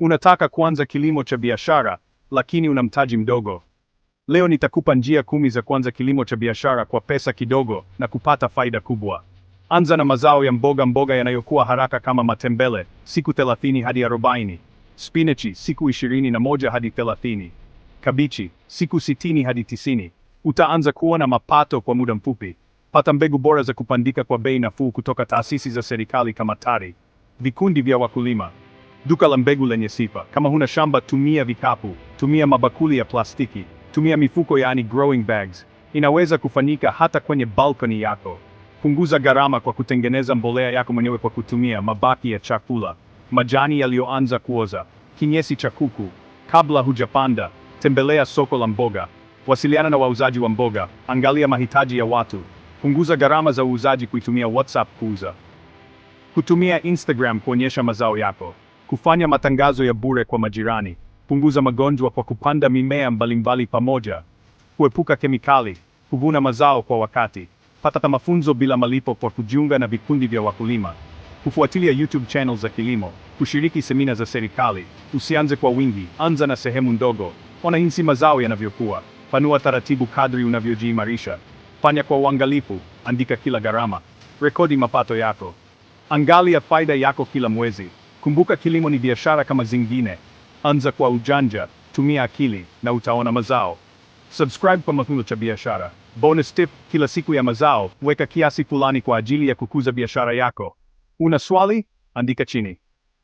Unataka kuanza kilimo cha biashara lakini una mtaji mdogo. Leo nitakupa njia kumi za kuanza kilimo cha biashara kwa pesa kidogo na kupata faida kubwa. Anza na mazao ya mboga mboga yanayokuwa haraka kama matembele siku 30 hadi 40, spinachi siku 21 hadi 30, kabichi siku 60 hadi 90. Utaanza kuona mapato kwa muda mfupi. Pata mbegu bora za kupandika kwa bei nafuu kutoka taasisi za serikali kama TARI, vikundi vya wakulima duka la mbegu lenye sifa. Kama huna shamba, tumia vikapu, tumia mabakuli ya plastiki, tumia mifuko, yaani growing bags. Inaweza kufanyika hata kwenye balcony yako. Punguza gharama kwa kutengeneza mbolea yako mwenyewe kwa kutumia mabaki ya chakula, majani yaliyoanza kuoza, kinyesi cha kuku. Kabla hujapanda, tembelea soko la mboga, wasiliana na wauzaji wa mboga, angalia mahitaji ya watu. Punguza gharama za uuzaji, kuitumia WhatsApp kuuza, kutumia Instagram kuonyesha mazao yako. Kufanya matangazo ya bure kwa majirani. Punguza magonjwa kwa kupanda mimea mbalimbali pamoja. Kuepuka kemikali. Kuvuna mazao kwa wakati. Pata mafunzo bila malipo kwa kujiunga na vikundi vya wakulima. Kufuatilia YouTube channel za kilimo. Kushiriki semina za serikali. Usianze kwa wingi, anza na sehemu ndogo. Ona jinsi mazao yanavyokuwa. Panua taratibu kadri unavyojiimarisha. Fanya kwa uangalifu, andika kila gharama. Rekodi mapato yako. Angalia faida yako kila mwezi. Kumbuka kilimo ni biashara kama zingine. Anza kwa ujanja, tumia akili na utaona mazao. Subscribe kwa mafunzo cha biashara. Bonus tip, kila siku ya mazao, weka kiasi fulani kwa ajili ya kukuza biashara yako. Una swali? Andika chini.